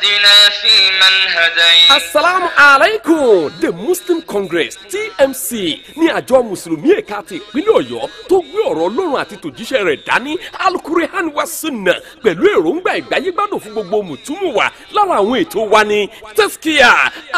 واهدنا asalaamu alaikum the muslim congress tmc ní àjọ mùsùlùmí ẹ̀ka ti ìpínlẹ̀ ọ̀yọ́ tó gbé ọ̀rọ̀ ọlọ́run àti tòjíṣẹ́ rẹ̀ dání alukurihan wa sunna pẹ̀lú èròǹgbà ìgbáyégbádùn fún gbogbo mùtúmù wa lára àwọn ètò wa ní tẹ́síkìá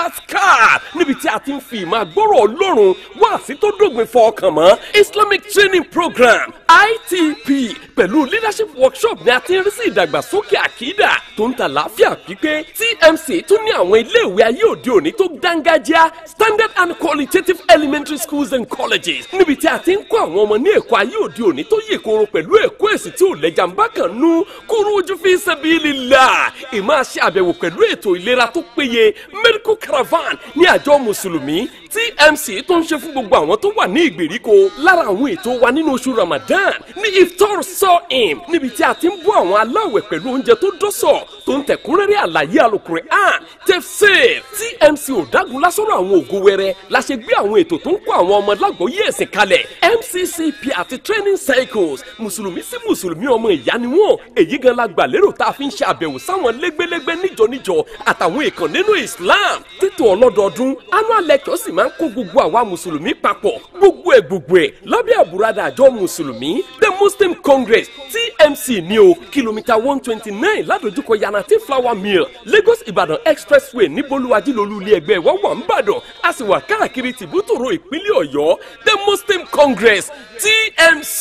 askar níbi tí a ti ń fi ìmọ̀ àgbọ̀rọ̀ ọlọ́run wá sí tó dògbìn fọ ọkàn mọ́ islamic training program ITP pẹ̀lú leadership workshop ni a ti ń rí sí ìdàgbàsókè àkídà tó ń ta láàfíà pípé TMC tún ní àwọn iléèwé ayé òde òní tó dángájá standard and qualitative elementary schools and colleges níbi tí a ti ń kọ́ àwọn ọmọ ní ẹ̀kọ́ ayé òde òní tó yè koro pẹ̀lú ẹ̀kọ́ èsì tí ò lẹ́jà ń bá kàn nú kúrú ojú fi sabilillah ìmáa ṣe àbẹ̀wò pẹ̀lú ètò ìlera tó péye medical caravan ní àjọ mùsùlùmí TMC tó ń ṣe fún gbogbo àwọn tó wà ní ìgbèríko lára àwọn ètò wa nínú oṣù Ramadan náà ní iftar saw him níbi tí a ti ń bọ́ àwọn aláwẹ̀ pẹ̀lú oúnjẹ tó dọ́sọ̀ tó ń tẹ̀kúnrẹ́rẹ́ àlàyé alukur'an tefsir tmc ọ̀dàgùn lásọ̀rọ̀ àwọn ògo wẹrẹ la ṣe gbé àwọn ètò tó ń kó àwọn ọmọ lágbóyè ẹ̀sìn kalẹ̀ mccp àti training cycles mùsùlùmí sí mùsùlùmí ọmọ ìyá ni wọn èyí gan la gbà lérò tá a fi ń ṣe àbẹ̀wò sáwọn lẹ́gbẹ́lẹ́gbẹ́ níjọ́níjọ́ àtàwọn èèkàn nínú islam títò ọlọ́dọọdún annual lecture sì máa ń kó gbogbo àwa mùsùlùmí papọ̀ gbogbo ẹ̀ gbogbo ẹ̀ lábẹ́ àbúradà àjọ mùsùlùmí ní the muslim congress tmc ní o kìlómítà one twenty nine ládojúkọ yanati flour mill lagos Ibadan expressway níbolúwájú lolú ilé ẹgbẹ́ wa wà ń bàdàn a sì wà káàkiri tìbútòrò ìpínlẹ̀ ọ̀yọ́ the muslim congress tmc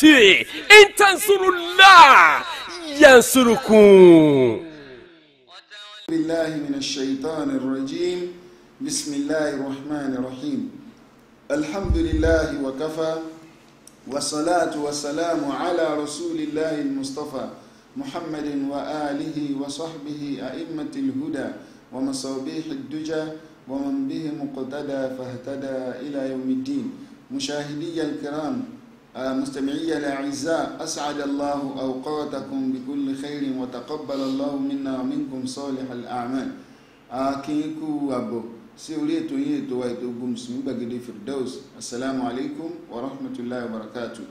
intansurula yansurukun. بالله من الشيطان rajim بسم الله الرحمن الرحيم الحمد لله وكفى والصلاة والسلام على رسول الله المصطفى محمد وآله وصحبه أئمة الهدى ومصابيح الدجى ومن به مقتدى فاهتدى إلى يوم الدين مشاهدي الكرام مستمعي الأعزاء أسعد الله أوقاتكم بكل خير وتقبل الله منا ومنكم صالح الأعمال أكيكو أبو sí orí ètò yín ètò wa ètò ogun mùsùlùmí gbàgede firdaus asalaamu wa rahmatulahi wa barakatu.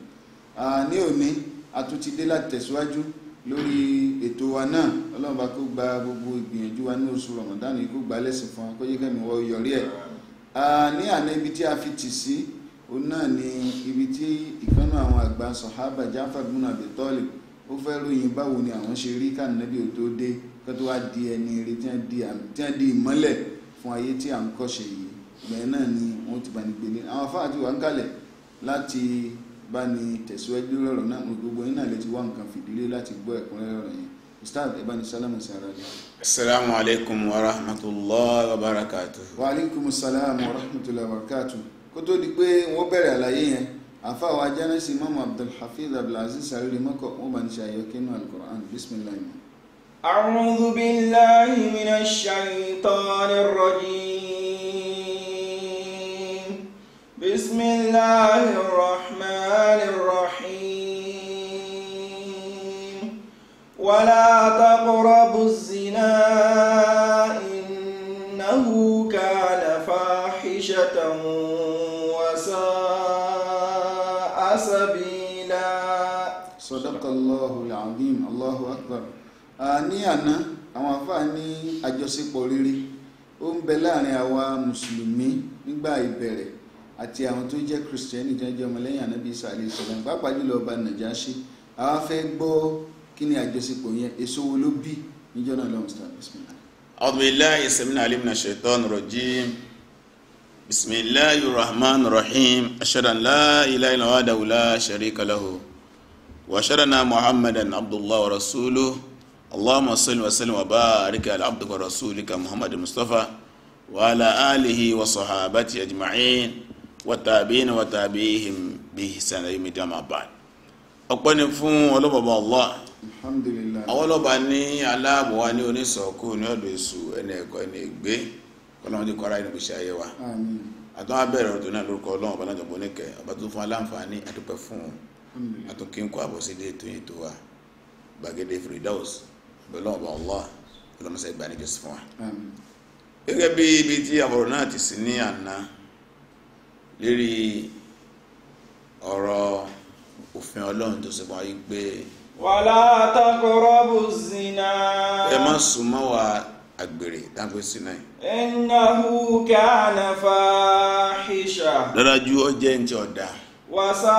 ní òní a tún ti dé láti tẹ̀síwájú lórí ètò wa náà ọlọ́run bá kó gba gbogbo ìgbìyànjú wa ní oṣù ramadan yìí kó gba lẹ́sìn fún wa kó yẹ kẹ́mi wọ yọrí ẹ̀. ní àná ibi tí a fi tì sí òun náà ni ibi tí ìkànnì àwọn àgbà sọ̀hábà Ja'far ibn Abi Talib ó fẹ́ ròyìn báwo ni àwọn ṣe rí kànáàbì ò tó dé kó tó wá di ẹni rí tí ìmọ́lẹ̀ fún ayé tí à ń kọ́ṣe yìí ìgbẹ̀yìn náà ni wọ́n ti bá ní gbé ní àwọn afáà ti wà ń kalẹ̀ láti bá ní tẹ̀síwájú lọ́rọ̀ náà mo gbogbo yín náà lè ti wá nǹkan fìdílé láti gbọ́ ẹ̀kúnrẹ́rẹ́ ọ̀rọ̀ yẹn ustaz ẹ bá ní sálámù sí ara rẹ. asalaamu alaykum wa rahmatulahi wa barakatu. wa aleykum salaam wa rahmatulahi wa barakatu. kó tó di pé wọ́n bẹ̀rẹ̀ àlàyé yẹn àfáà jẹ́nẹ́sì mọ́mọ́ abdulhafiz abdulaziz sàrẹ́lẹ̀ mọ́kọ̀ wọ́n bá ní ṣe alukur'an bisimilayi. أعوذ بالله من الشيطان الرجيم بسم الله الرحمن الرحيم ولا تقربوا الزنا إنه كان فاحشة ní àná àwọn àfáà ní àjọṣepọ̀ rere ó ń bẹ láàrin àwa mùsùlùmí nígbà ìbẹ̀rẹ̀ àti àwọn tó jẹ́ kìrìsìtẹ́nì tó jẹ́ ọmọlẹ́yìn ànábì Ìsá alayhi salam pàápàá jùlọ ọba Nàjáṣì àwa fẹ́ gbọ́ kí ni àjọṣepọ̀ yẹn èso wo ló bí níjọ́ náà lọ́wọ́ mr bismillah. a'udhu billahi sami'il alim minash shaitani rajim bisimilahi rahman rahim ashhadu an la ilaha illa huwa wahdahu la muhammadan abdullahi rasuluhu اللهم صل وسلم وبارك على عبدك ورسولك محمد المصطفى وعلى آله وصحابته أجمعين والتابعين وتابعيهم بإحسان يوم الدين بعد ọpẹ́ ni fún ọlọ́bàbà allah alhamdulillah àwọn ọlọ́bà ní aláàbò wa ní onísọ̀ọ́kù ní ọ̀dọ̀ èṣù ẹni ẹ̀kọ́ ẹni ègbé kọ́lọ́mọ́ ti kọ́ra ẹni bùṣẹ́ ayé wa àtọ́ abẹ́rẹ́ ọ̀dọ̀ náà lórúkọ ọlọ́run ọba lájọpọ̀ oníkẹ́ ọba tó fún aláǹfààní àdúpẹ́ fún un àtúnkínkù àbọ̀sídé ètò ètò wa gbàgede Firdaus pẹ̀lú ọba Allah ọlọmọsẹ ìgbà níjọ sí fún wa. gẹ́gẹ́ bí ibi tí àbọ̀rọ̀ náà ti sí ní àná lérí ọ̀rọ̀ òfin ọlọ́run tó sọ fún wa yìí pé. wàlá taqrabu zina. ẹ má sùn mọ́ wa agbèrè dágbé sinai. innahu kana fahisha. dájú ó jẹ́ ní ti ọ̀dà. wàsá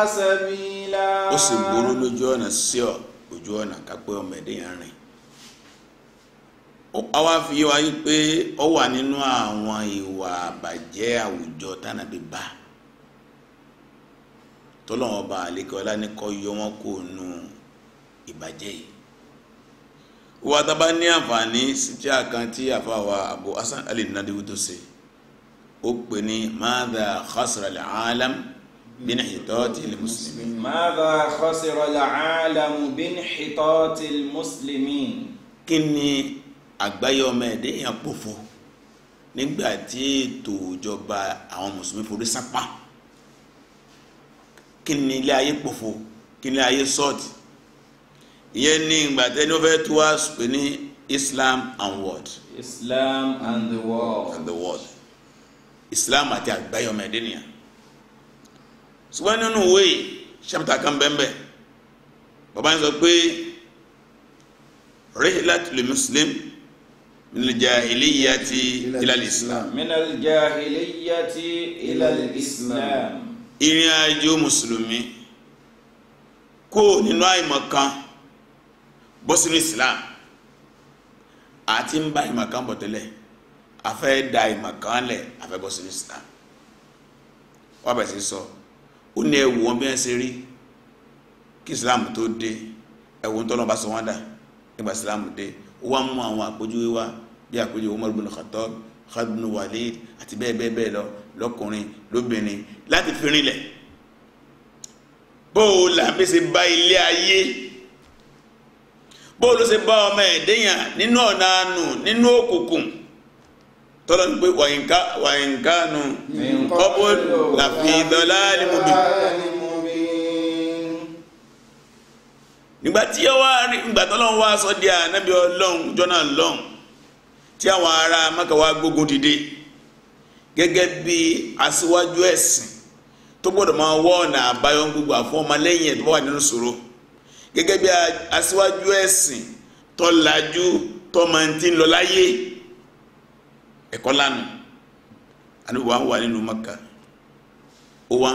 àṣẹbílà. ó sì burú lójú ọ̀nà sí ọ ojú ọ̀nà kápẹ́ ọmọ ẹ̀dẹ́yàn rìn a wá fi wá yí pé ó wà nínú àwọn ìwà àbàjẹ́ àwùjọ tánàbí bá tọ́lọ́wọ́n bá àlékọ́lá ní kọ́ yọ wọ́n kó nu ìbàjẹ́ yìí wà tábà ní àǹfààní sí àkàn tí àfàwà Abu Hasan Ali Nadiwi tó ṣe ó pè ní madha khasra al-alam. بانحطاط المسلمين ماذا خسر العالم بانحطاط المسلمين كني ni àgbáyé ọmọ ẹ̀dẹ́ yẹn pòfo nígbà tí ètò ìjọba àwọn mùsùlùmí forí sápá kí ni ilé ayé pòfo kí ni ilé ayé sọ́ọ̀tì ìyẹn ní ìgbà tẹ́ni ó fẹ́ tó wá pè ní Islam and world. Islam and the world. and the world Islam àti àgbáyé ọmọ ẹ̀dẹ́ nìyẹn ṣùgbọ́n nínú ìwé ṣẹ́pítà kan bẹ́ẹ̀ bàbá yẹn sọ pé rihlatul muslim minal jahiliyyati ilal islam. minal jahiliyyati ilal islam. ìrìn àjò mùsùlùmí kó nínú àìmọ̀ kan bọ́ sínú islam àti ń bá àìmọ̀ kan bọ̀ tẹ́lẹ̀ afẹ́ da àìmọ̀ kan lẹ̀ afẹ́ bọ́ sínú islam wọ́n bẹ̀ sí sọ. So ó ní ẹwù wọn bí wọ́n ṣe rí kí islam tó dé ẹwù tó lọ́nà bá sọ wọ́n dà nígbà islam dé ó wá mú àwọn àpèjúwe wá bí àpèjúwe Umar bin Khattab Khalid bin Walid àti bẹ́ẹ̀ bẹ́ẹ̀ bẹ́ẹ̀ lọ lọ́kùnrin lóbìnrin láti fi rinlẹ̀ bóò làbí ṣe bá ilé ayé bóò ló ṣe bá ọmọ ẹ̀dẹ́yàn nínú ọ̀nà àánú nínú òkùnkùn tọ́lọ́ ní pé wàyínkánu kọ́bọ̀ làfihìdọ́lá lèmọ́bì nígbàtí ó wá rí ìgbàtọ́lọ́ wá sọ di jọ́nà tí àwọn ará Mákà gbógun dìde gẹ́gẹ́ bí aṣíwájú ẹ̀sìn tó gbọ́dọ̀ máa wọ́ ọ̀nà gbogbo àfọ́ ọmọlẹ́yìn ẹ̀ tó wà nínú ṣòro gẹ́gẹ́ bí aṣíwájú ẹ̀sìn ń ti ẹ̀kọ́ lánàá àníwò wa wà nínú maka ó wá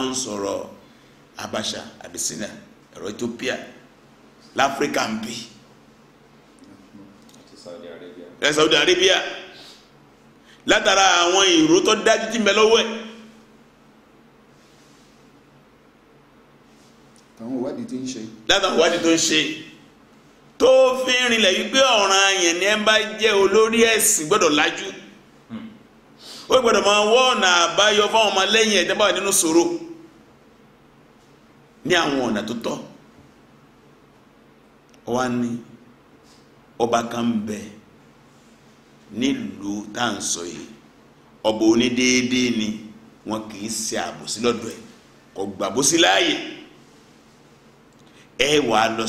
Abasha Abisina ẹ̀rọ Ethiopia láfíríkà ń bì ẹ̀ Saudi Arabia látara àwọn ìró tó dájú tí mẹ lọ́wọ́ ẹ̀. àwọn ìwádìí tó ń ṣe. látàwọn ìwádìí tó ń ṣe tó fi rinlẹ̀ wípé ọ̀ràn yẹn ni ẹ bá jẹ́ olórí ẹ̀sìn gbọ́dọ̀ lájú. o gbọ́dọ̀ ma ọ ọ̀nà na fáwọn ọmọlẹ́yìn ẹ̀ dábàá nínú ní àwọn ọ̀nà tó tọ́ ọba kan bẹ nílùú tá à ń sọ yìí ọba ni wọn kì í ṣe àbòsí lọ́dọ̀ ẹ̀ kò gbàbòsí láàyè ẹ wà á lọ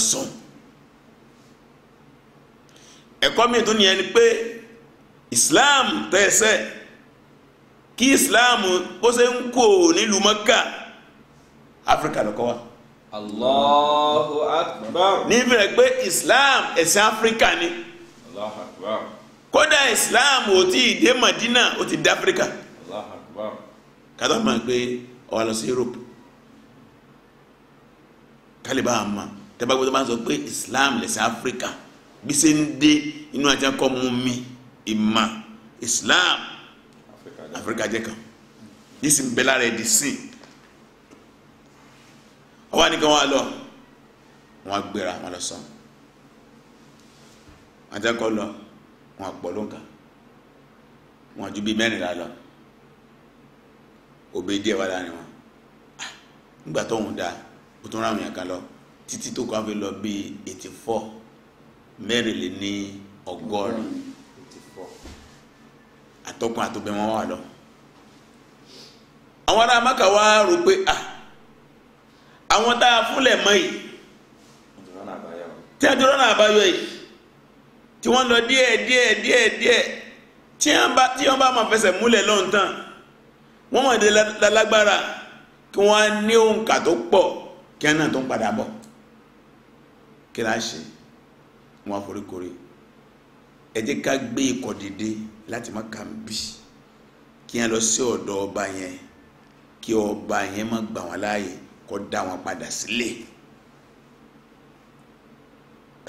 ẹ̀kọ́ mi ni pé Islam kí islam bó ṣe ń kó nílùú mọ́kà áfíríkà lọ́kọ́ wa. allahu akbar. níbẹ̀rẹ̀ pé islam ẹ̀sìn áfíríkà ni. allahu akbar. kódà islam ò tí ì dé madina ó ti dé áfíríkà. allahu akbar. kátó máa gbé ó lọ sí europe kálíbà àmà tẹ́bá gbọ́dọ̀ máa sọ pé islam lẹ̀sìn áfíríkà bí ṣe ń dé inú àti akọ́ mú mi ìmà islam Áfíríkà jẹ́ kan yìí sì ń bẹ lára ẹ̀dì sìn ọwọ́ nìkan wọn lọ wọn gbéra wọn lọ sàn àjẹkọ lọ wọn àpọ̀ ló ń kà wọn ju bíi mẹ́rìnlá lọ òbí díẹ̀ wà láàrin wọn ah, nígbà tó ń da ó tún ráwọn yàn kan lọ títí tó kàn fi lọ bíi eighty four mẹ́rìnléní ọgọ́rin. Mm -hmm àtọkùn àtọgbẹ wọn wà lọ àwọn ará maka wá rò pé à àwọn tá a fúnlẹ̀ mọ́ yìí tí a ti rọ́nà àbáyọ yìí tí wọ́n lọ díẹ̀ díẹ̀ díẹ̀ díẹ̀ tí wọ́n bá máa fẹsẹ̀ múlẹ̀ lọ́ntàn wọ́n mọ̀ dé lálágbára kí wọ́n á ní òǹkà tó pọ̀ kí wọ́n náà tó ń padà bọ̀ kí láṣẹ wọn àforíkorí ẹ jẹ́ ká gbé ikọ̀ dìde láti má kà ń bì kí wọ́n lọ sí ọ̀dọ̀ ọba yẹn kí ọba yẹn má gbà wọ́n láàyè kó dá wọn padà sílé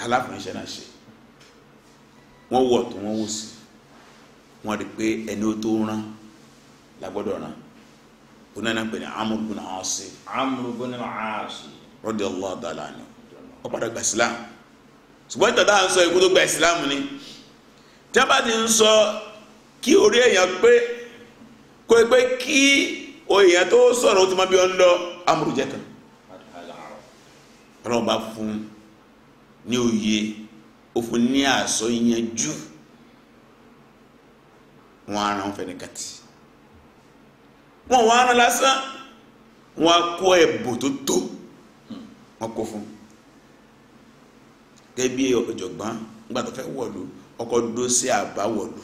aláfẹnṣẹ́ náà ṣe wọ́n wọ̀ tó wọ́n wò sí wọ́n rí pé ẹni tó rán la gbọ́dọ̀ rán òun náà pè ní Amr ibn Aasi Amr ibn Aasi radiyallahu ta'ala anhu ó padà gba Islam ṣùgbọ́n ìtàn táwọn sọ ikú tó gba Islam ni. tí a bá ti ń sọ kí orí èèyàn pé kó pé kí èèyàn tó sọ̀rọ̀ ó ti máa bí ọ ń lọ amúrújẹ kan ọlọ́run bá fún ní òye ó fún ní àsọ ìyanjú wọn ara wọn wọn wọn ara lásán wọn kó ẹ̀bùn tó tó wọn kó fún gẹ́gẹ́ bí ọ̀jọ̀gbọ́n nígbà ọkọ̀ dúró sí àbáwọ̀lú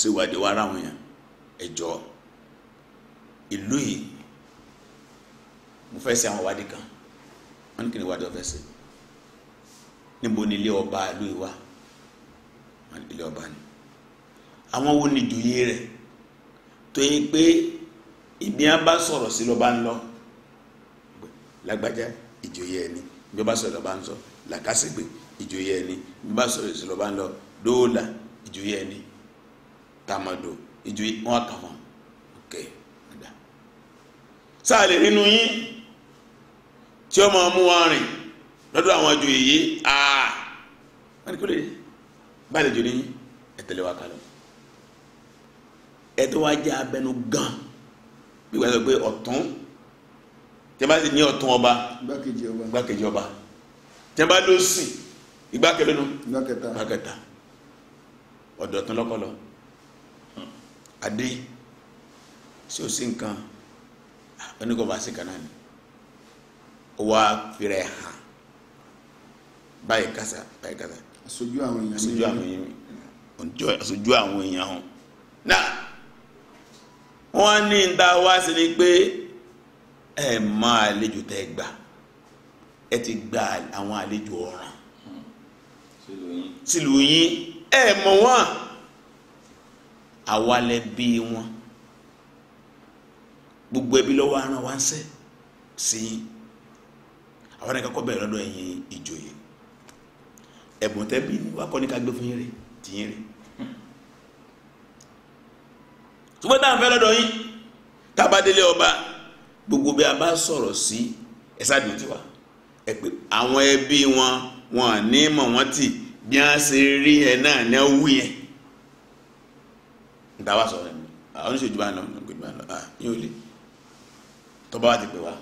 síwádìí wa ara wọn yẹn ẹ̀jọ́ ìlú yìí mo fẹ́ ṣe àwọn ìwádìí kan wọ́n ní kí ni ìwádìí ọ̀fẹ́ sí níbo ni ilé ọba ìlú yìí wà ilé ọba ni àwọn wo ni ìjòyè rẹ̀ tó yẹ pé ìbí wọn bá sọ̀rọ̀ sí lọ́ba ń lọ lágbájá ìjòyè ẹni bí wọ́n bá sọ̀rọ̀ lọ́ba ń sọ làkàṣègbè ìjòyè ẹni bá sọ̀rọ̀ ìṣòro bá ń lọ dóòlà ìjòyè ẹni tàmàdò ìjòyè wọn àkàmọ ok ọdà sáà lè nínú yín tí ọmọ mú wa rìn lọ́dọ̀ àwọn ìjòyè yìí àà wọn ni kò lè báyìí lè jò ní ẹ̀tẹ̀lẹ̀ wa kalọ̀ ẹ̀tọ́ wa jẹ́ abẹnú gan bí wọ́n sọ pé ọ̀tún tẹ́ bá sì ní ọ̀tún ọba gbákejì ọba tẹ́ bá lọ sìn ìgbà kẹlẹ́ nu ìgbà kẹta ọ̀dọ̀ tán lọ́kọ̀lọ́ hmm. adé sí o sí nǹkan oníkó bá sí kan náà ni ó wá fìrẹ̀ hàn báyìí kásá báyìí kásá aṣojú àwọn èèyàn aṣojú àwọn èèyàn aṣojú àwọn èèyàn hàn náà wọ́n ní ta wá sí ni pé ẹ máa àlejò tẹ́ gbà ẹ ti gba àwọn àlejò ọ̀ràn sílùú yín ẹ mọ̀ wọ́n àwa lẹ bí wọn gbogbo ẹbí lọ́wọ́ ara wa ń sẹ́ sí yín àwọn ẹ̀ka kọ́ bẹ̀rẹ̀ lọ́dọ̀ ẹ̀yin ìjòyè ẹ̀bùn tẹ́bí wa kọ́ ní ká gbé fún yín rè tìyín rè ṣùgbọ́n táwọn fẹ́ lọ́dọ̀ yín tábà délé ọba gbogbo bí a bá sọ̀rọ̀ sí ẹ̀sádùn tiwa ẹ̀ pé àwọn ẹbí wọn wọn à ní mọ̀ wọ́n tì bí wọ́n ṣe rí ẹ náà ní wú yẹn níta wá sọ̀rọ̀ ẹ̀mí àwọn oníṣèjú bá ń lọ nígbà bá ń lọ yóò lè tọ́ba wa ti pè wá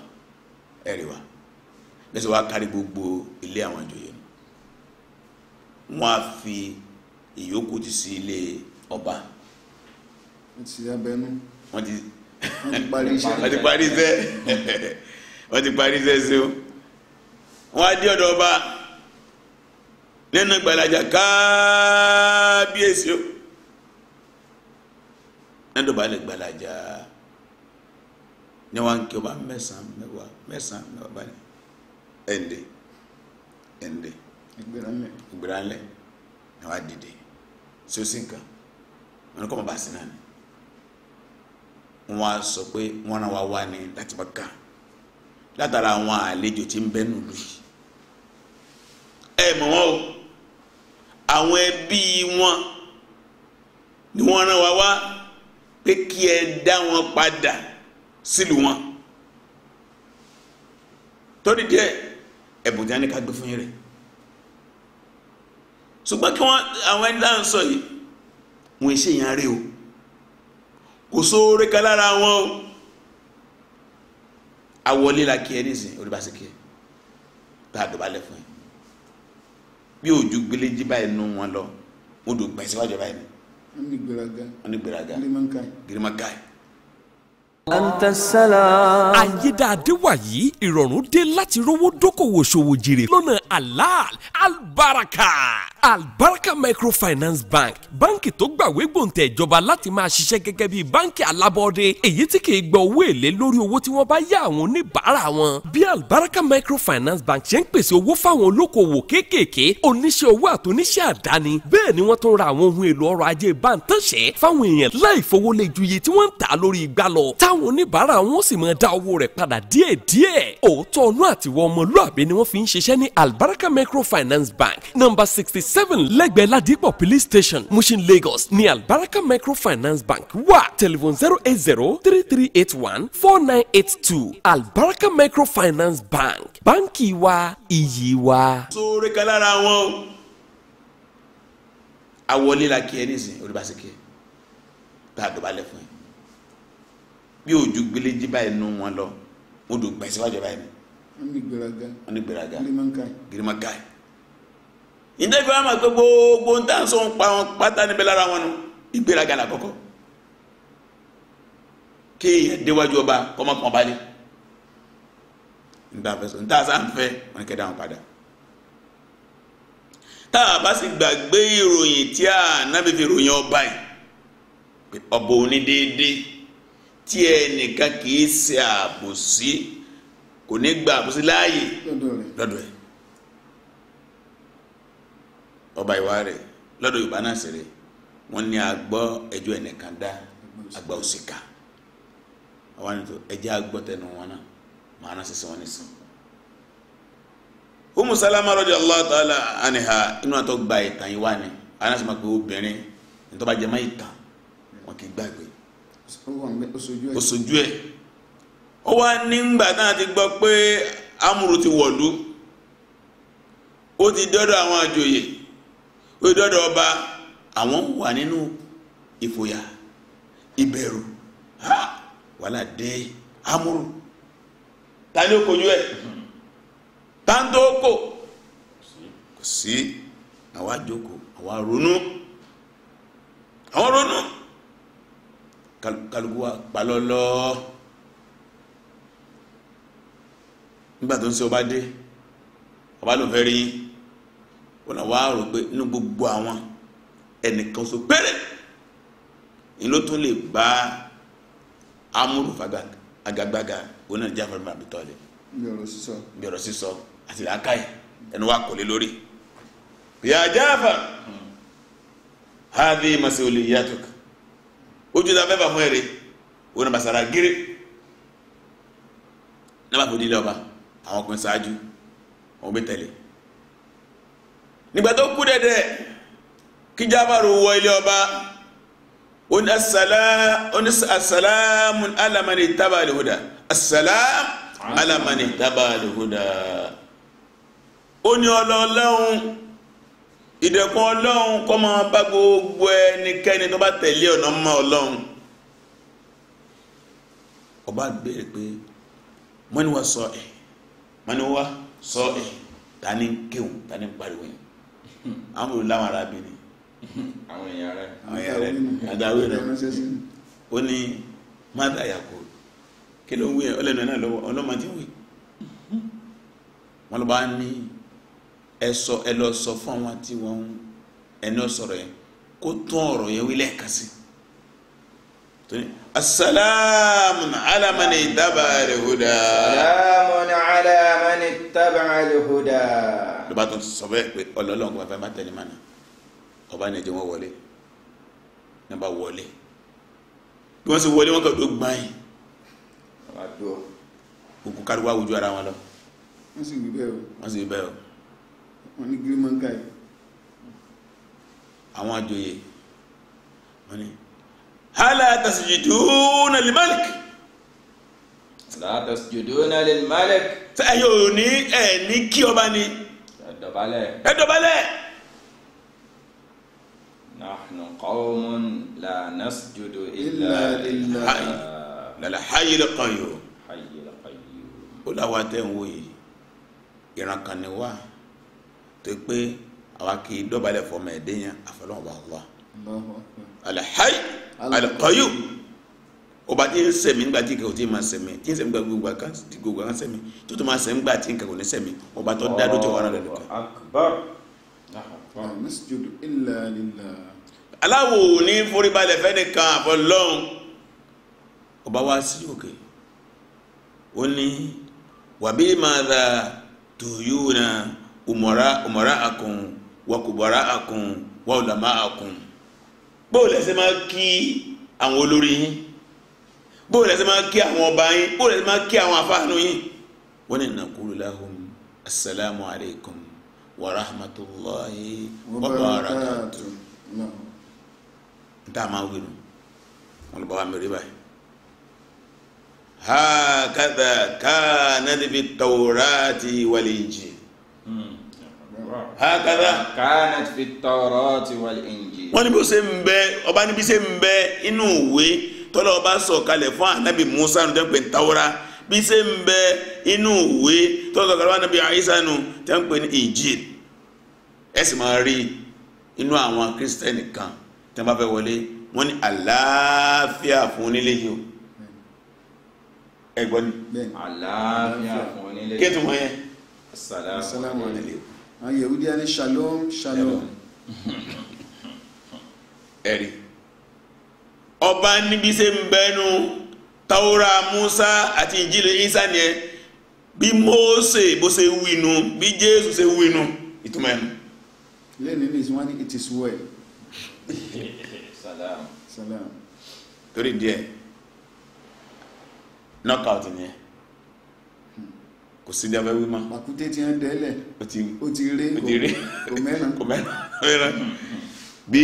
ẹ̀rì wa lẹ́sẹ̀ wá kárí gbogbo ilé àwọn ìjòyè wọ́n á fi ìyókù ti sí ilé ọba. wọ́n ti abẹnú. wọ́n ti parí iṣẹ́. wọ́n ti parí iṣẹ́ wọ́n ti parí iṣẹ́ sí o wọ́n á dé ọ̀dọ̀ ọba nínú gbalaja kábíyèsí o ẹni tó bá lè gbalaja ní wọn kí o bá mẹsàn mẹwàá mẹsàn mẹwàá báyìí ẹnde ẹnde ìgbéranlẹ ní wọn dìde sosi nǹkan wọn kọ́ mọ́ bá sí náà ni wọn sọ pé wọn náà wá wá ní láti bá kàn látara àwọn àlejò tí ń bẹ́nu lù yìí ẹ mọ̀ wọn o àwọn ẹbí wọn ni wọ́n rán wa wá pé kí ẹ dá wọn padà sílùú wọn torí díẹ̀ ẹ̀bùn tí a ní ká gbé fún yín rẹ̀ ṣùgbọ́n kí wọ́n àwọn ẹni láà sọ yìí wọ́n ṣe yàn rí o kò sóore kan lára wọn o àwọlé la kí ẹ nísìnyí orí bá bá a dọ̀bálẹ̀ fún yín bí òjú gbéléjì báyìí nù wọn lọ odò gbèsèwájú báyìí ni. wọn ní gbéraga wọn ní gbéraga girimakai girimakai wàyí ìrọ̀rùn dé láti rówó dókòwò ṣòwò jèrè lọ́nà halal albaraka albarka microfinance bank báǹkì tó gbàwé gbòǹtẹ̀ ìjọba láti máa ṣiṣẹ́ gẹ́gẹ́ bí báǹkì alábọ́ọ́dé èyí tí kì í gba owó èlé lórí owó tí wọ́n bá yá àwọn oníbàárà wọn. bí albarka microfinance bank ṣe ń pèsè owó fáwọn olókoòwò kéékèèké oníṣẹ́ owó àtúnṣe àdáni bẹ́ẹ̀ ni wọ́n tún ra àwọn ohun èlò ọrọ̀ ajé bántánṣẹ́ fáwọn èèyàn láì fowó lé ju iye tí wọ́n ń tà lórí igbá lọ táwọn oníbàárà wọn sì máa dá owó rẹ̀ padà díẹ̀díẹ̀ òótọ́ ọ̀nà àtiwọ́ ọmọlúàbí microfinance bank number sixty seven lẹ́gbẹ̀ẹ́ ladipo police station mushin lagos ní albaraka microfinance bank wà telephone zero eight zero three three eight one four nine eight two albaraka microfinance bank báńkì wa iyì wa. sóore kan lára wọn o awọlé la kí ẹ nísìnyí olùbásíkẹ bá a dọ̀bálẹ̀ fún yín bí ojú gbélé-jí báyìí nù wọn lọ odò gbèsè wájú báyìí ni. wọn ní gbèraga wọn ní gbèraga girimankai girimankai ìdẹ́gbẹ́ wọn mọ̀ pé gbogbo ń tàn sóhun pa wọn pátá níbẹ̀ lára wọn nu ìgbéraga là kọ́kọ́ kéèyàn déwájú ọba kọ́mọkàn balẹ̀ nígbà fẹsọ̀ níta sáńfẹ́ wọn kẹ́dá wọn padà tá a bá sì gbàgbé ìròyìn tí a nábì fi ròyìn ọba yìí pé ọba òní déédéé tí ẹnìkan kì í ṣe àbòsí kò ní gba àbòsí láàyè lọ́dọ̀ ẹ̀ ọba ìwárẹ̀ lọ́dọ̀ yorùbá náà sì rè ní agbọ́ ẹjọ́ ẹnìkan dá àgbà òsìkà àwọn ènìyàn tó tẹnu wọn náà màá náà sísè wọn nísìn. Umu Salama radiyallahu ta'ala anha inú gba ìtàn yìí wá ni àwọn àti pe obìnrin nítorí bá ìtàn wọn kì í gbàgbé. ẹ ó wá nígbà náà gbọ́ pé amúru ti ó ti àwọn àjòyè. pé ọba àwọn wà nínú ìfòyà ìbẹ̀rù wàhálà dé amúrù ta ni ó kojú ẹ̀ táńtó kò kò sí àwa jókòó àwa ronú àwọn ronú kálukú wa nígbà tó ń kọ́nà wàá rò pé inú gbogbo àwọn ẹnìkan so péré ni ló tún lè bá amúrù agagbága òun náà jáfar ibn Abi Talib bí ọ̀rọ̀ sísọ bí sísọ àti làákàyè ẹnu wa kò lé lórí ya Jafar hadhi mas'uliyatuk ojú ta mẹ́fà fún ẹ̀rẹ́ òun náà bàtàrà gírí náà bàtà òdìlẹ̀ ọba àwọn ọkùnrin ṣáájú àwọn ọgbẹ́ tẹ̀lé nígbà tó kú dẹ̀dẹ̀ kí Jáfàrù wọ ilé ọba onísàlámù alamani tábà lèhùdà asàlámù alamani tábà lèhùdà ó ní ọlọ́ọ̀lọ́hun ìdẹ̀kùn ọlọ́hun kó máa bá gbogbo ẹnikẹ́ni tó bá tẹ̀lé ọ̀nà mọ́ ọlọ́hun ọba béèrè pé mọ́ni wa sọ ẹ̀ mọ́ni wa sọ ẹ̀ tani kéwù tani pariwo àwọn olùláwọn arábìnrin àwọn èèyàn rẹ àwọn èèyàn rẹ àdáwé rẹ ó ní mádà yàgò kí ló ń wí ọlẹ́nu ẹ̀ náà lọ́wọ́ ọlọ́mọ tí ń wí wọn lọ bá ní ẹ sọ ẹ lọ sọ fún àwọn tí wọn ẹni ọ sọ̀rọ̀ yẹn kó tún ọ̀rọ̀ yẹn wí lẹ́ẹ̀kan السلام على من اتبع الهدى سلام على من اتبع الهدى ló bá tún sọ bẹ́ẹ̀ pé ọlọ́lọ́run bá fẹ́ má tẹ̀lé mánà ọba ní ẹjẹ́ wọn wọlé ní bá wọlé bí wọ́n sì wọlé wọ́n kàdó gbáyìn òkú kàdó wá ojú ara wọn lọ wọ́n sì wí bẹ́ẹ̀ o wọ́n ní gírímọ̀ káyì àwọn àjòyè wọ́n ní hálà tasjuduna lil malik. hálà tasjuduna lil malik. ṣé ẹ yóò ní ẹ ní kí ọba ni. ẹ dọ̀bálẹ̀. ẹ dọ̀bálẹ̀. nahnu qawmun la nasjudu illa lillah. lala hayyil qayyum. hayyil qayyum. ó láwa tẹ̀ ń wò yìí kan ni wá tó pé àwa kì í dọ̀bálẹ̀ fọmọ ẹ̀dẹ́yìn àfọlọ́wọ́ Allah alahayi alakayu ọba tí ń sẹ̀mí nígbà tí kò tí ma sẹ̀mí tí ń sẹ̀mí gbogbo gbogbo kan sẹ̀mí tó tó ma sẹ̀mí nígbà tí kò ní sẹ̀mí ọba tó dá lójú ọ̀rọ̀ rẹ̀ lọ́kọ̀. aláwo ní foríbalẹ̀ fẹ́ni kan àfọlọ́hún ọba wá sí òkè ó ní wàbí màdà tòyúnà umara akun wakubara akun wàlùmá akun bóò lẹ́sẹ̀ máa kí àwọn olórí yín bóò lẹ́sẹ̀ máa kí àwọn ọba yín bóò lẹ́sẹ̀ máa kí àwọn afáànù yín wọ́n ní nàkúrú láhùn asalaamu alaykum wa rahmatulahi wa barakatu nta máa wí nu wọn lọ bá wa mẹ́rin báyìí hakadha kanadibi tawurati wal injil hakadha. kanat fi tawrati wal injil. wọ́n ní bí ó ṣe ń bẹ ọba níbi ṣe ń bẹ inú ìwé tọ́lọ́ ọba sọ kalẹ̀ fún anabi musa ní tẹ́pẹ́ ntawara bí ṣe ń bẹ inú ìwé tọ́lọ́ sọ anabi aisa nu tẹ́pẹ́ ní injil ẹ sì máa rí inú àwọn kristẹni kan tẹ́ bá fẹ́ wọlé wọ́n ní àlàáfíà fún onílé yìí o ẹgbọ́n ni àlàáfíà fún onílé yìí kí ẹ tún wọ́n yẹn assalamu àwọn yehudi á shalom shalom. ẹ̀rí ọba níbi ṣe ń bẹnu taura musa àti ìjìnlẹ̀ isa ni ẹ bí mose bó ṣe winu bí jésù ṣe winu ìtumọ̀ ẹnu. lẹ́nu ní ìsìn ní it is well. salam. salam. torí díẹ̀ knockout ni ẹ kò sí ní abẹ́ wí mọ́. pàkúté ti ń dẹ́lẹ̀ ó ti ré kò mẹ́rin. kò mẹ́rin bí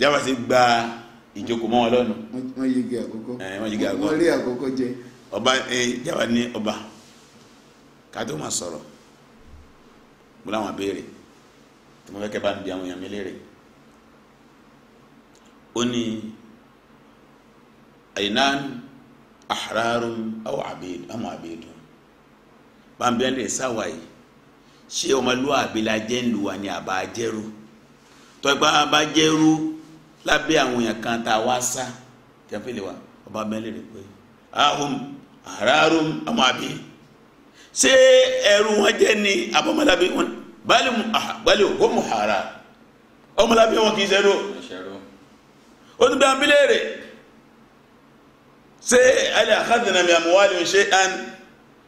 jábà ti gba ìjókòó mọ́ wọn lọ́nu. wọ́n yege àkókò wọ́n yege àkókò wọ́n rí àkókò jẹ. ọba jábà ní ọba ká tó sọ̀rọ̀ mo láwọn abéèrè tí mo fẹ́ kẹ́ bá ń bi àwọn èèyàn mi léèrè ó ní àyìnán àhàrárùn àwọn àbèdùn bambilẹ̀ sáwàyí ṣé ọmọlúwàbí la jẹ́ ń lùwà ní àbá jẹ́rú tọ́gbà bá jẹ́rú àwọn èèyàn kan tá a wá sá tẹ́fẹ́lẹ́ wa ọba mẹ́lẹ̀ rẹ̀ pé ahum àràrùm àmọ́ àbí ṣé ẹrú wọn jẹ́ ní abọ́mọlábí wọn báàlì ògbó mùhàrà ọmọlábí wọn kì í ṣẹrú onígbà bílẹ̀ rẹ̀ ṣé alẹ́ àkàdùnàmí àmúwálì ṣe án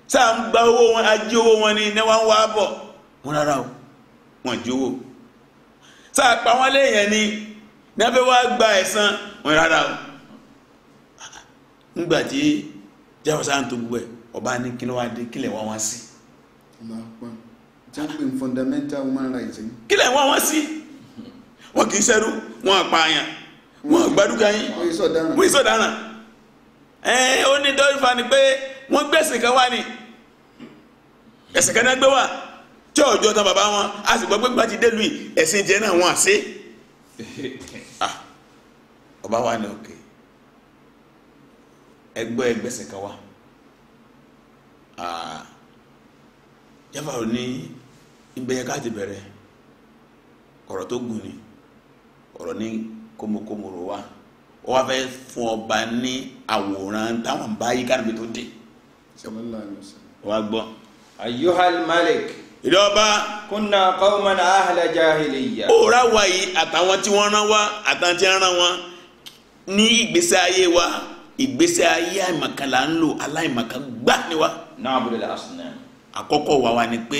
sáà ń gba owó wọn ají owó wọn ni ní wọn wá bọ̀ wọn rárá o wọn jí owó sáà pa wọn léèyàn ni ní wọn fẹ́ wá gba ẹ̀san wọn rárá o ńgbà tí jáwọ́ ń tó gbogbo ọba ní kí ló wá dé kílẹ̀ wá wá sí. jumping fundamental human rights. kílẹ̀ wá wá sí wọn kì í ṣẹ́rú wọn àpààyàn wọn àgbàdúgà yín wọn ìsọ̀daràn ẹ ó ní dọ́rífà ni pé wọ́n gbẹ̀sìn kan wá ni ẹ̀sìn kan náà gbé wá tí ọjọ́ tán bàbá wọn a sì gbọ́ pé gbàtí délùú ẹ̀sìn jẹ́ náà wọ́n à sí ah, ọba wa ni òkè ẹgbẹ́ ẹgbẹ́sìn kan wá yàtọ̀ ah, ní ìgbẹ́yẹ káàdì bẹ̀rẹ̀ ọ̀rọ̀ tó gùn ni ọ̀rọ̀ ní kómokómo rò wá ó wá fẹ́ fún ọba ní àwòrán táwọn bá yí kánàbí tó dé. wàá gbọ́. ayuhal malik. ilé ọba. kunna qawman ahla jahiliya. ó rà wá yìí àtàwọn tí wọ́n rán wá àtàwọn tí wọ́n rán wọn ní ìgbésí ayé wa ìgbésí ayé àìmọ̀kan là ń lò aláìmọ̀kan gbá ni wa. náà abúlé la sùn náà. àkọ́kọ́ wa wa ni pé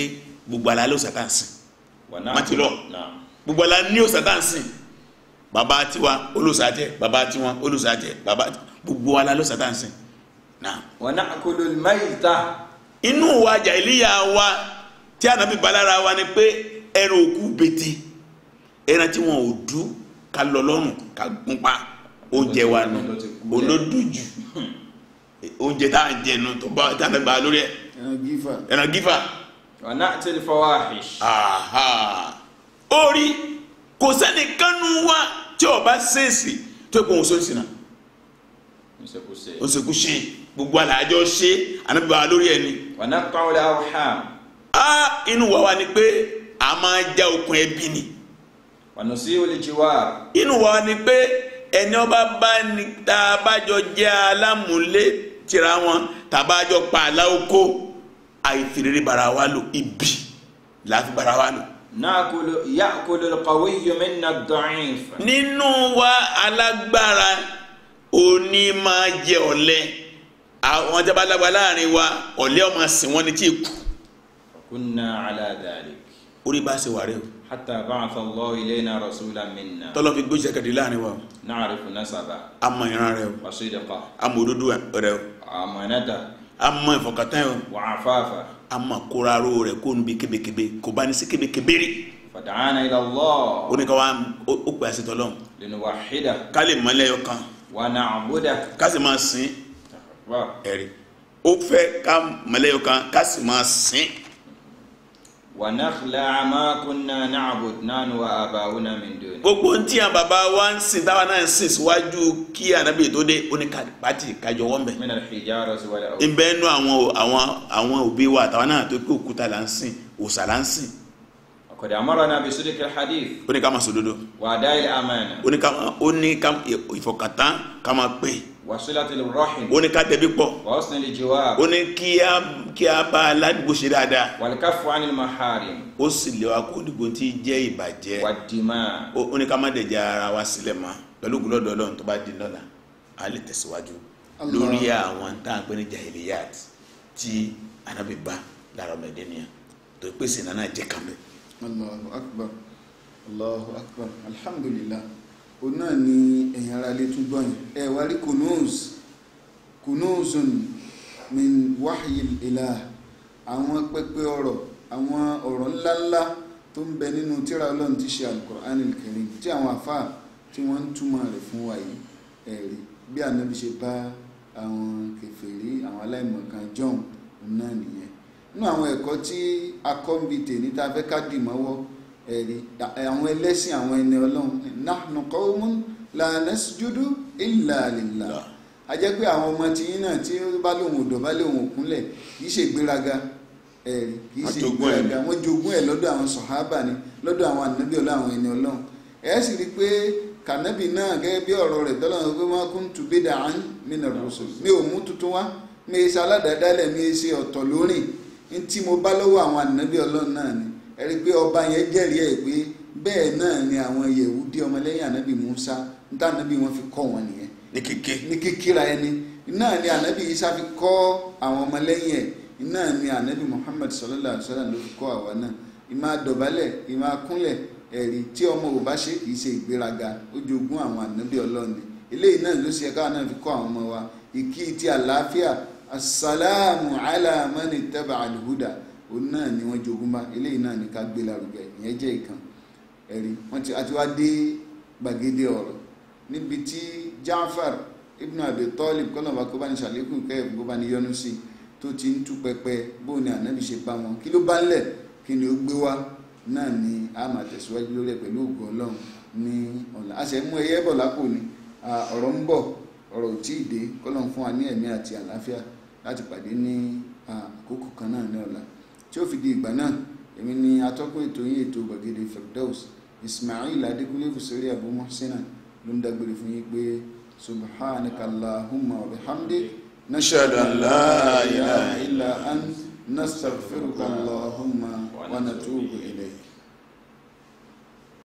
gbogbo àlá ló sàtàn sìn. wà náà ti lọ gbogbo àlá ni ó sàtàn sìn baba tiwa olùsàjẹ baba tiwọn olùsàjẹ baba gbogbo wa la ló sàtà ń sìn. wa na'kulul mayta. inú wa jàìlíyà wa tí ànábì balára wa ni pé ẹran òkú bètè ẹran tí wọn ò dú ká lọ lọ́rùn ká gún pa oúnjẹ wa nù olódùjù oúnjẹ tá à jẹ nù tó bá tá à gbà lórí ẹ. ẹran gífà. wa na'til fawahish. aha orí kò sẹ́ni kánú wa tí ó bá ṣèèṣì tó kò ń sọ ìsìn náà òsèkú ṣe gbogbo àlàájọ ṣe ànábìbá lórí ẹni. wọnà kọ́wọ́lá ọ̀hán. a inú wa wa ni pé a máa já okùn ẹbí ni. wọnà sí olùjíwá. inú wa ni pé ẹni ọba bá ní tá a bá tira wọn tàbá jọ pa àlá oko àìfèrè bara wa lò ibi láti bara wa lò ya'kulul qawiyyu minna ad-da'if. nínú wa alágbára òní máa jẹ ọ̀lẹ àwọn jábá lágbára láàrin wa ọ̀lẹ ọmọ sìn wọ́n ní tí kù. kunna ala dhalik. orí bá ṣe wà rẹ o. hatta ba'atha Allahu ilayna rasulan minna. tọ́lọ́ fi gbóṣẹ́ kẹ́dì láàrin wa. na'rifu nasaba. àmọ́ ìran rẹ o. wa sidqa. àmọ́ òdodo rẹ o. àmọ́ ìnata. àmọ́ ìfọkàntán o. wa'afafa. ama kura rore ko nbi kebe kebe ko bani se kebe kebe ri fadana ila ka wa o ko asito lon lin wahida kale male yo kan wa na'buda ka ma sin wa eri o fe ka male yo kan ka ma sin wa nakhla ma kunna na'bud nanu wa abawuna min duni. gbogbo ntí àwọn baba wa ń sìn táwa náà ń sìn síwájú kí anabi tó dé oníkàpàtì kájọ wọn bẹ. minal hijarati wal awtad. ibẹ̀ nù àwọn àwọn àwọn òbí wa àtàwọn náà tó kó òkúta là ń sìn òòṣà là ń sìn. qad amarna bi sidqi al-hadith. ó ní ká máa wa da'il amana. ó ní ká ìfọkàntán ká máa pè é wàsílátìlì rọ́hìn. ó ní ká tẹ̀bí pọ̀. wàsílátìlì jìwà. ó ní kí a kí a bá aládùúgbò ṣe dáadáa. wàlíkà fún anil mahari. ó sì lè wa kó dìbò tí jẹ́ ìbàjẹ́. wà ní ká má dẹ̀jà ara wa sílẹ̀ mọ́ pẹ̀lú gulọ́dọ̀ ọlọ́run tó bá di lọ́la a lè tẹ̀síwájú lórí àwọn tá à pè ní jahiliyat tí anabi bá lára ọmọ ẹ̀dẹ́ nìyẹn tó pèsè nana jẹ́ kàmẹ́. Allahu akbar Allahu akbar alhamdulillah òun náà ni ẹ̀yin ara lè tún gbọ́n yìí ẹ̀ wá rí kunuz kunuzun min wahyil ilah àwọn pẹpẹ ọ̀rọ̀ àwọn ọ̀rọ̀ ńláńlá tó ń bẹ nínú tíra ọlọ́run ti ṣe alukur'an alkarim tí àwọn àfáà tí wọ́n ń túmọ̀ rẹ̀ fún wa yìí ẹ̀rí bí ànábi ṣe bá àwọn kèfèrí àwọn aláìmọ̀kan john náà nìyẹn nínú àwọn ẹ̀kọ́ tí akọ́ńbi tè ní ta fẹ́ ká dì mọ́wọ́ ẹ̀rí àwọn ẹlẹ́sìn àwọn ẹni ọlọ́run nahnu qawmun la nasjudu illa lillah a jẹ́ pé àwọn ọmọ tí yín náà tí bá lóun òdò bá lóun òkúnlẹ̀ kì í ṣe ìgbéraga ẹ̀rí kì í ṣe ìgbéraga wọ́n jogún ẹ̀ lọ́dọ̀ àwọn sọ̀hábà ni lọ́dọ̀ àwọn ànábì ọlọ́run àwọn ẹni ọlọ́run ẹ̀ sì rí i pé kànábì náà gẹ́gẹ́ bí ọ̀rọ̀ rẹ̀ tọ́lọ́run pé wọ́n kún tù bí dàn mí nà rọ̀ṣọ̀ mi ò mú tuntun wá mi ṣe aládàádálẹ̀ mi ṣe ọ̀tọ̀ lórìn ní tí mo bá lọ́wọ́ àwọn ànábì ọlọ́run náà ni ẹ rí i pé ọba yẹn jẹ́rìí ẹ̀ pé bẹ́ẹ̀ náà ni àwọn yẹ̀wúdí ọmọlẹ́yìn ànábì Musa níta ànábì wọn fi kọ́ wọn nìyẹn. ní kéke ní kékeré ẹni náà ni ànábì Isa fi kọ́ àwọn ọmọlẹ́yìn ẹ̀ náà ni ànábì Muhammad sallallahu alayhi wa sallam ló fi kọ́ àwa náà ìmá dọ̀bálẹ̀ ìmá kúnlẹ̀ ẹ̀rí tí ọmọ ò bá ṣe kì í ṣe ìgbéraga ó àwọn ànábì ọlọ́run eléyìí náà òun náà ni wọ́n jogún bá eléyìí náà ni ká gbé lárugẹ ìyẹn jẹ́ ìkan ẹ̀rí wọ́n ti àti wá dé gbàgede ọ̀rọ̀ níbi tí Jaafar ibn Abi Talib kọ́nà bá kó bá ní sàlékún kẹ́ẹ̀ kó bá ní yọnu sí tó ti ń tú pẹpẹ bóun ni ànábì ṣe bá wọn kí ló bá ń lẹ̀ kí ni ó gbé wá náà ni a máa tẹ̀síwájú lórí ẹ̀ pẹ̀lú ògùn ọlọ́run ní ọ̀la a sì mú ẹyẹ bọ̀ lápò ni ọ̀rọ̀ ń bọ̀ ọ̀rọ̀ ò tí ì dé kọ́lọ́n fún wa ní ẹ̀mí àti àlàáfíà láti pàdé ní àkókò kan náà ní ọ̀la tí ó fi di ìgbà náà èmi ni atọ́kùn ètò yín ètò gbàgede Firdaus Ismail Adékúnlé Busiri Abu Muhsina ló ń dágbére fún yín pé subhanaka Allahumma wa bihamdik nashhadu ilaha illa ant nastaghfiruka Allahumma wa natubu ilayk.